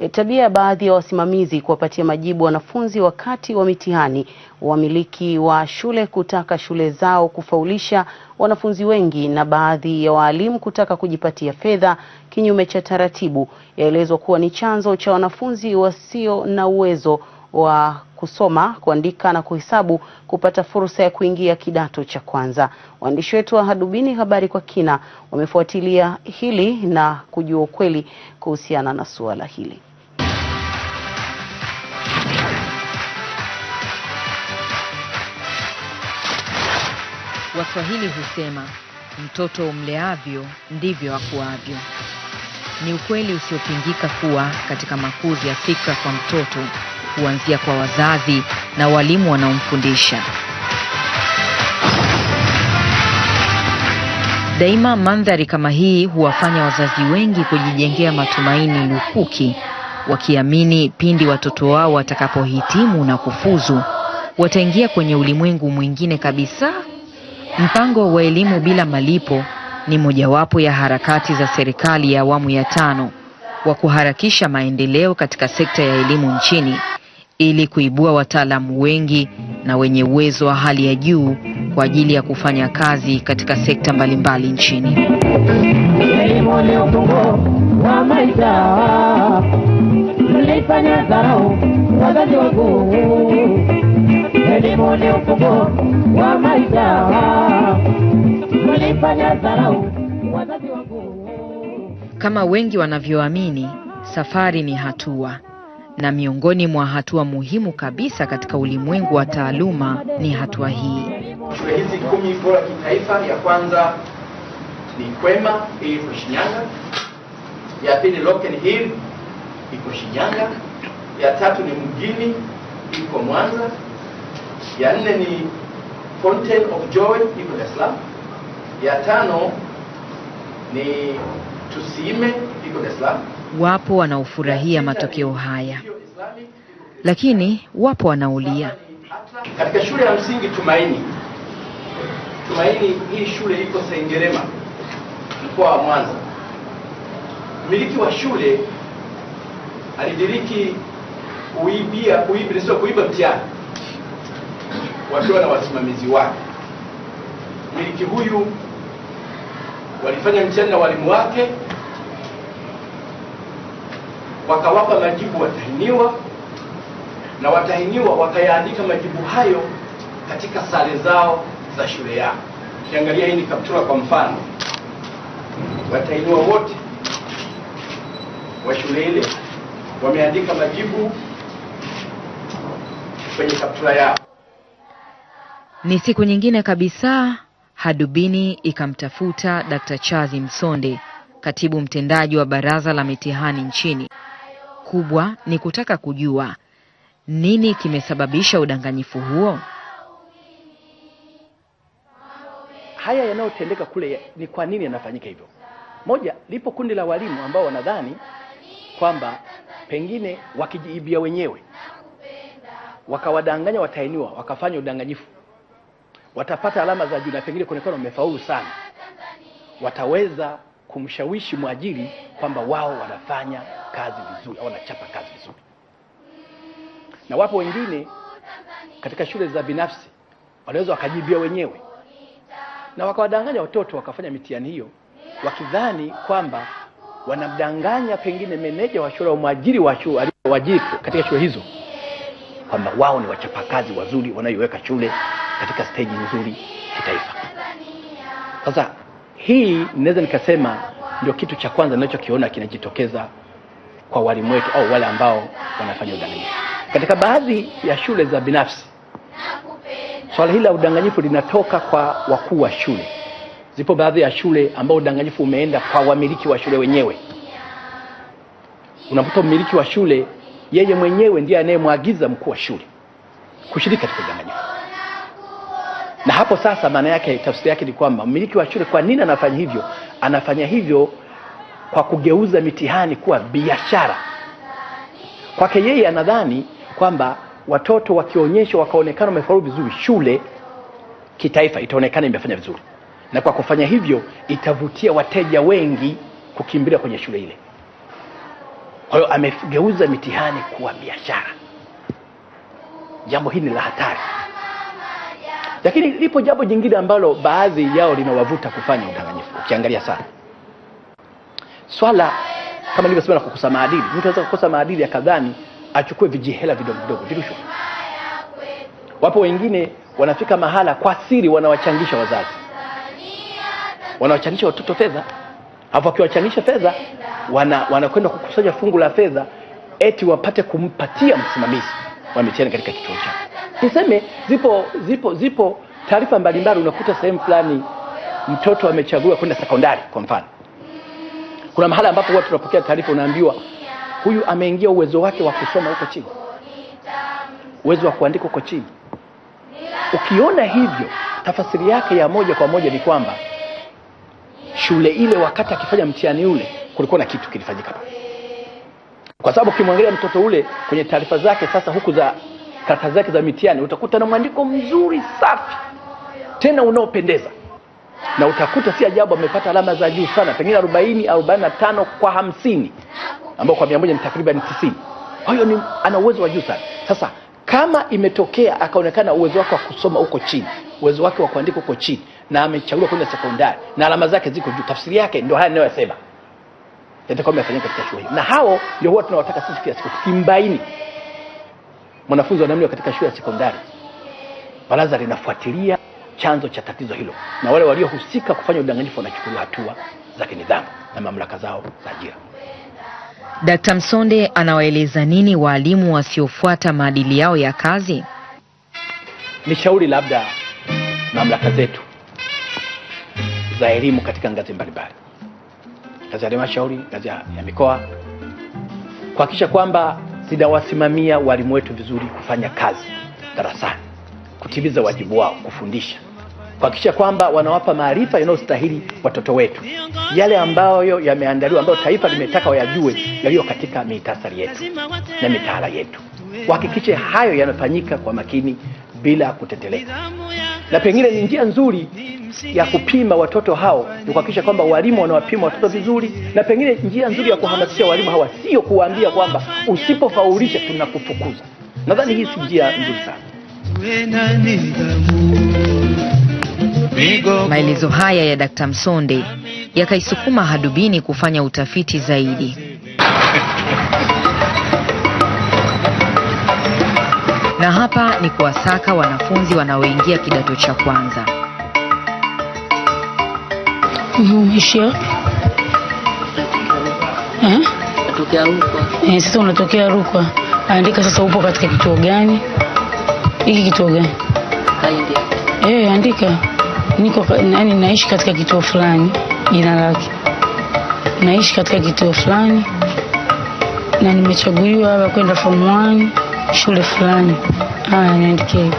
E, tabia ya baadhi ya wasimamizi kuwapatia majibu wanafunzi wakati wa mitihani, wamiliki wa shule kutaka shule zao kufaulisha wanafunzi wengi na baadhi ya waalimu kutaka kujipatia fedha kinyume cha taratibu, yaelezwa kuwa ni chanzo cha wanafunzi wasio na uwezo wa kusoma, kuandika na kuhesabu kupata fursa ya kuingia kidato cha kwanza. Waandishi wetu wa Hadubini Habari kwa Kina wamefuatilia hili na kujua ukweli kuhusiana na suala hili. Waswahili husema mtoto umleavyo ndivyo akuavyo. Ni ukweli usiopingika kuwa katika makuzi ya fikra kwa mtoto huanzia kwa wazazi na walimu wanaomfundisha. Daima mandhari kama hii huwafanya wazazi wengi kujijengea matumaini lukuki, wakiamini pindi watoto wao watakapohitimu na kufuzu wataingia kwenye ulimwengu mwingine kabisa Mpango wa elimu bila malipo ni mojawapo ya harakati za serikali ya awamu ya tano wa kuharakisha maendeleo katika sekta ya elimu nchini ili kuibua wataalamu wengi na wenye uwezo wa hali ya juu kwa ajili ya kufanya kazi katika sekta mbalimbali nchini. Elimu ni ufunguo wa maisha, mlifanya dharau wazazi wangu. Elimu ni ufunguo wa kama wengi wanavyoamini, safari ni hatua, na miongoni mwa hatua muhimu kabisa katika ulimwengu wa taaluma ni hatua hii. Shule hizi kumi bora kitaifa, ya kwanza ni Kwema, iko Shinyanga, ya pili Loken Hill iko Shinyanga, ya tatu ni Mgini iko Mwanza, ya nne ni content of Joy iko Dar es Salaam. Ya tano ni Tusime iko Dar es Salaam. Wapo wanaofurahia matokeo haya, lakini wapo wanaulia. Katika shule ya msingi Tumaini, Tumaini hii shule iko Sengerema, mkoa wa Mwanza. Mmiliki wa shule alidiriki kuibia kuiba, sio kuiba mtihani wakiwa na wasimamizi wake. miliki huyu walifanya mtihani na walimu wake, wakawapa majibu watahiniwa, na watahiniwa wakayaandika majibu hayo katika sare zao za shule yao. Ukiangalia hii ni kaptura kwa mfano, watahiniwa wote wa shule ile wameandika majibu kwenye kaptura yao. Ni siku nyingine kabisa, hadubini ikamtafuta Dr. Charles Msonde, katibu mtendaji wa Baraza la Mitihani nchini. Kubwa ni kutaka kujua nini kimesababisha udanganyifu huo. Haya yanayotendeka kule ni kwa nini yanafanyika hivyo? Moja, lipo kundi la walimu ambao wanadhani kwamba pengine wakijiibia wenyewe wakawadanganya watahiniwa wakafanya udanganyifu watapata alama za juu na pengine kuonekana wamefaulu sana, wataweza kumshawishi mwajiri kwamba wao wanafanya kazi vizuri au wanachapa kazi vizuri. Na wapo wengine katika shule za binafsi wanaweza wakajibia wenyewe na wakawadanganya watoto wakafanya mitihani hiyo wakidhani kwamba wanamdanganya pengine meneja wa shule au mwajiri wa shule aliyowajiri katika shule hizo kwamba wao ni wachapakazi wazuri wanaoiweka shule katika steji nzuri kitaifa. Sasa hii naweza nikasema ndio kitu cha kwanza ninachokiona kinajitokeza kwa walimu wetu au wale ambao wanafanya udanganyifu katika baadhi ya shule za binafsi. Swala hili la udanganyifu linatoka kwa wakuu wa shule. Zipo baadhi ya shule ambao udanganyifu umeenda kwa wamiliki wa shule wenyewe. Unakuta mmiliki wa shule yeye mwenyewe ndiye anayemwagiza mkuu wa shule kushiriki katika udanganyifu. Na hapo sasa, maana yake, tafsiri yake ni kwamba mmiliki wa shule, kwa nini anafanya hivyo? Anafanya hivyo kwa kugeuza mitihani kuwa biashara. Kwake yeye anadhani kwamba watoto wakionyeshwa wakaonekana wamefaulu vizuri, shule kitaifa itaonekana imefanya vizuri, na kwa kufanya hivyo itavutia wateja wengi kukimbilia kwenye shule ile. Kwa hiyo amegeuza mitihani kuwa biashara. Jambo hili ni la hatari. Lakini lipo jambo jingine ambalo baadhi yao linawavuta kufanya udanganyifu. Ukiangalia sana swala kama nilivyosema la kukosa maadili, mtu anaweza kukosa maadili akadhani achukue vijihela vidogo vidogo, virushwa. Wapo wengine wanafika mahala kwa siri wanawachangisha wazazi, wanawachangisha watoto fedha, hapo akiwachangisha fedha wanakwenda wana kukusanya fungu la fedha eti wapate kumpatia msimamizi wametihani katika kituo chao. Niseme zipo zipo zipo taarifa mbalimbali, unakuta sehemu fulani mtoto amechagua kwenda sekondari. Kwa mfano, kuna mahala ambapo watu tunapokea taarifa, unaambiwa huyu ameingia, uwezo wake wa kusoma huko chini, uwezo wa kuandika huko chini. Ukiona hivyo, tafasiri yake ya moja kwa moja ni kwamba shule ile, wakati akifanya mtihani ule, kulikuwa na kitu kilifanyika pale kwa sababu ukimwangalia mtoto ule kwenye taarifa zake sasa huku za karatasi zake za mitihani utakuta na mwandiko mzuri safi tena unaopendeza, na utakuta si ajabu amepata alama za juu sana, pengine 40 45 kwa hamsini, ambao kwa mia moja ni takriban 90. Kwa hiyo ni ana uwezo wa juu sana. Sasa kama imetokea akaonekana uwezo wake wa kusoma uko chini, uwezo wake wa kuandika uko chini, na amechaguliwa kwenda sekondari na alama zake ziko juu, tafsiri yake ndio haya ninayosema yatakuwa yamefanyika katika shule hii, na hao ndio huwa tunawataka sisi kila siku tukimbaini mwanafunzi anaamliwa katika shule ya sekondari, baraza linafuatilia chanzo cha tatizo hilo, na wale waliohusika kufanya udanganyifu wanachukuliwa hatua za kinidhamu na mamlaka zao za ajira. Dkt. Msonde anawaeleza nini waalimu wasiofuata maadili yao ya kazi? Ni shauri labda mamlaka zetu za elimu katika ngazi mbalimbali ngazi ya halmashauri, ngazi ya mikoa, kuhakikisha kwamba zinawasimamia walimu wetu vizuri kufanya kazi darasani, kutimiza wajibu wao kufundisha, kuhakikisha kwamba wanawapa maarifa yanayostahili watoto wetu, yale ambayo yameandaliwa, ambayo taifa limetaka wayajue, yaliyo katika mitasari yetu na mitaala yetu. Wahakikishe hayo yanafanyika kwa makini bila kuteteleka na pengine ni njia nzuri ya kupima watoto hao ni kuhakikisha kwamba walimu wanawapima watoto vizuri, na pengine njia nzuri ya kuhamasisha walimu hawa sio kuwaambia kwamba usipofaulisha tunakufukuza. Nadhani hii si njia nzuri sana. Maelezo haya ya Dkt. Msonde yakaisukuma hadubini kufanya utafiti zaidi. na hapa ni kuwasaka wanafunzi wanaoingia kidato cha kwanza. Eh? eh? Sasa unatokea Rukwa, andika sasa, upo katika kituo gani? Hiki kituo gani? Eh, andika niko nani, naishi katika kituo fulani, jina lake, naishi katika kituo fulani na nimechaguliwa hapa kwenda form 1 shule fulani haya niandike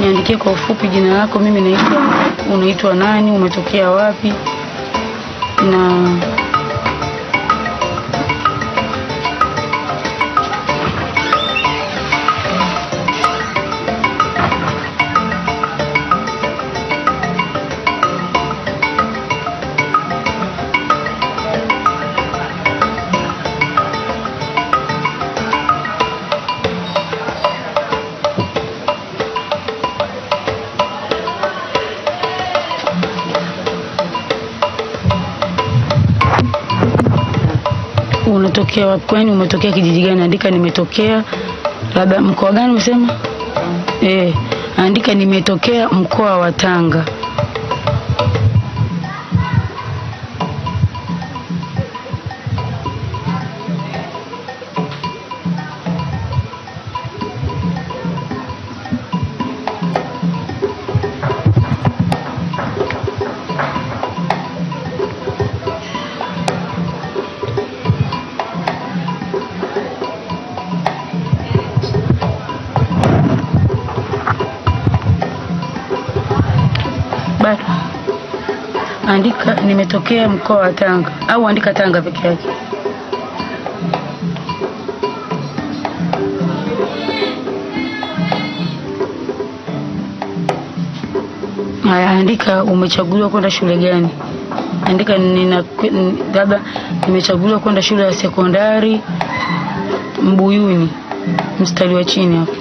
Niandikie kwa ufupi jina lako, mimi naitwa, unaitwa nani, umetokea wapi na umetokea wapi? Kwani umetokea kijiji gani? Andika nimetokea labda mkoa gani, umesema eh, andika nimetokea mkoa wa Tanga. basi andika nimetokea mkoa wa Tanga au andika Tanga peke yake. Haya, andika umechaguliwa kwenda shule gani? Andika nina labda nimechaguliwa kwenda shule ya sekondari Mbuyuni, mstari wa chini hapo.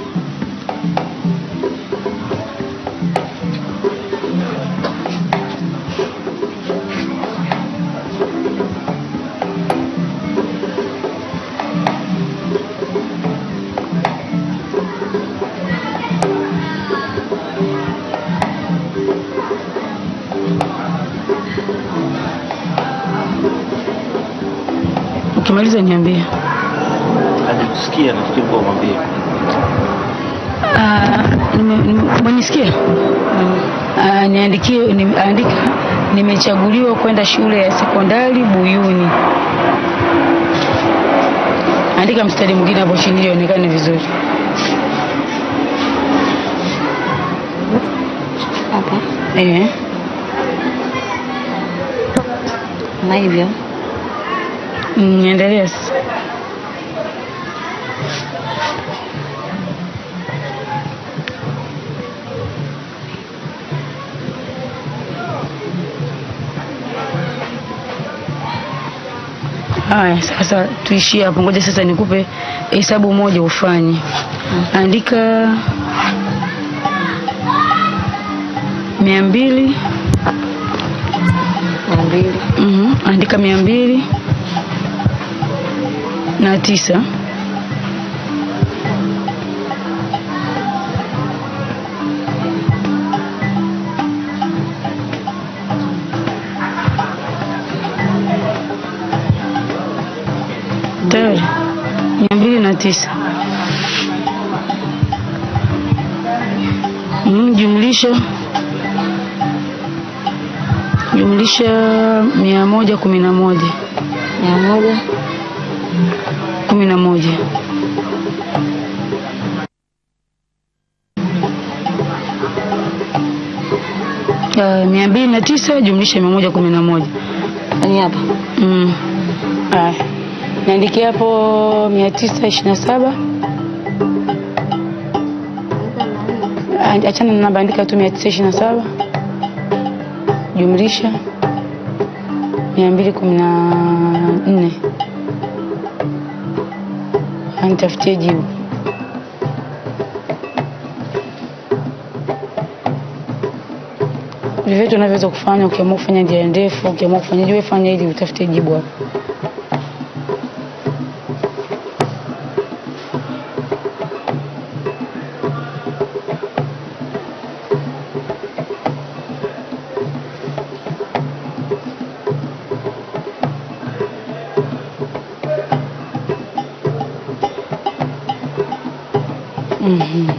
Ukimaliza niambie. Anakusikia kitu kwa mwambie. Ah, Mwenisikia ah, niandikie, niandika nimechaguliwa kwenda shule ya sekondari Buyuni. Andika mstari mwingine hapo chini ili ionekane vizuri. Hapa. Eh. Na hivyo Endelea sasa. Haya, sasa tuishie hapo. Ngoja sasa nikupe hesabu moja ufanye. Andika mia mbili. Mia mhm, andika mia mbili na tisa tayari mia mbili na tisa hmm, jumlisha jumlisha mia moja kumi na moja mia moja kumi na moja. Uh, mia mbili na tisa jumlisha mia moja kumi na moja ni hapa mm. Haya, niandikia hapo mia tisa ishirini na saba achana na namba, andika tu mia tisa ishirini na saba jumlisha mia mbili kumi na nne anitafutie jibu. Vyovyote unavyoweza kufanya, ukiamua kufanya njia ndefu, ukiamua kufanyaje, wewe fanya ili utafute jibu hapo. Mm -hmm.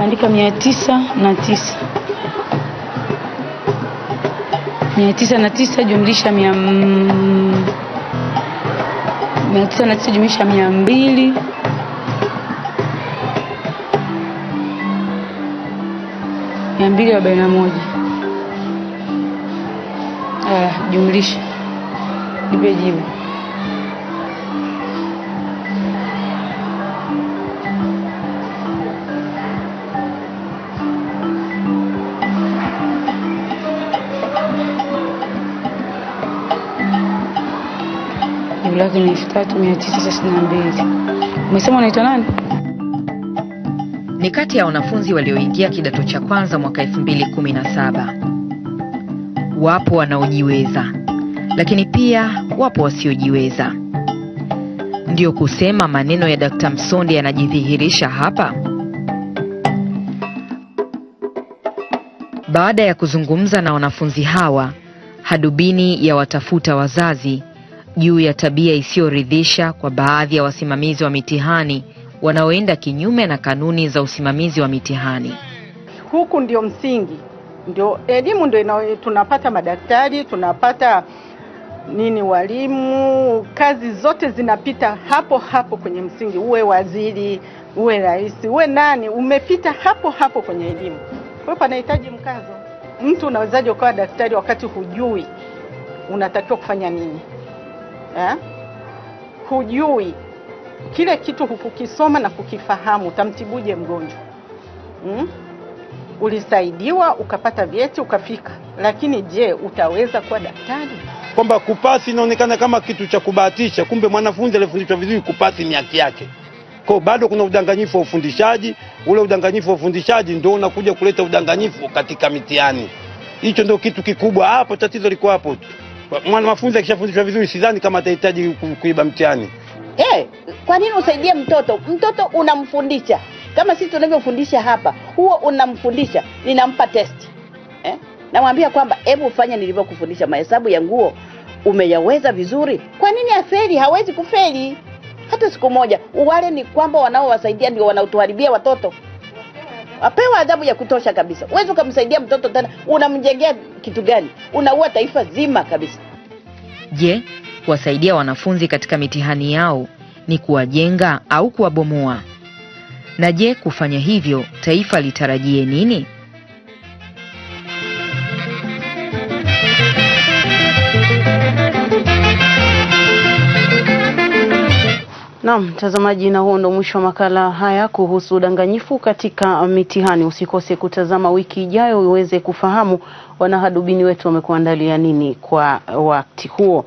Andika mia tisa na tisa mia tisa na tisa jumlisha mia mia tisa na tisa jumlisha mia mbili mia mbili arobaini na moja jumlisha nipe jibu jibu lake ni elfu tatu mia tisa thelathini na mbili. Umesema unaitwa nani? Ni kati ya wanafunzi walioingia kidato cha kwanza mwaka 2017 wapo wanaojiweza, lakini pia wapo wasiojiweza. Ndiyo kusema maneno ya Dkt. Msonde yanajidhihirisha hapa. Baada ya kuzungumza na wanafunzi hawa, hadubini ya watafuta wazazi juu ya tabia isiyoridhisha kwa baadhi ya wasimamizi wa mitihani wanaoenda kinyume na kanuni za usimamizi wa mitihani. Huku ndio msingi ndio elimu ndio tunapata madaktari, tunapata nini, walimu, kazi zote zinapita hapo hapo kwenye msingi, uwe waziri, uwe rais, uwe nani, umepita hapo hapo kwenye elimu. Kwa hiyo panahitaji mkazo. Mtu unawezaje ukawa daktari wakati hujui unatakiwa kufanya nini eh? Hujui kile kitu hukukisoma na kukifahamu, utamtibuje mgonjwa mm? ulisaidiwa ukapata vyeti ukafika, lakini je, utaweza kuwa daktari? Kwamba kupasi inaonekana kama kitu cha kubahatisha, kumbe mwanafunzi alifundishwa vizuri kupasi ni haki yake. Kwa bado kuna udanganyifu wa ufundishaji. Ule udanganyifu wa ufundishaji ndio unakuja kuleta udanganyifu katika mitihani. Hicho ndio kitu kikubwa hapo, tatizo liko hapo tu. Mwanafunzi akishafundishwa vizuri, sidhani kama atahitaji kuiba mtihani. Eh, hey, kwa nini usaidie mtoto? Mtoto unamfundisha kama sisi tunavyofundisha hapa, huo unamfundisha, ninampa test eh? Namwambia kwamba hebu fanya nilivyokufundisha, mahesabu ya nguo umeyaweza vizuri, kwa nini afeli? Hawezi kufeli hata siku moja. Wale ni kwamba wanaowasaidia ndio wanaotuharibia watoto. Apewa adhabu ya kutosha kabisa. Uwezi ukamsaidia mtoto tena, unamjengea kitu gani? Unaua taifa zima kabisa. Je, kuwasaidia wanafunzi katika mitihani yao ni kuwajenga au kuwabomoa? Na je, kufanya hivyo taifa litarajie nini? Naam, mtazamaji, na huo ndo mwisho wa makala haya kuhusu udanganyifu katika mitihani. Usikose kutazama wiki ijayo uweze kufahamu wanahadubini wetu wamekuandalia nini kwa wakati huo.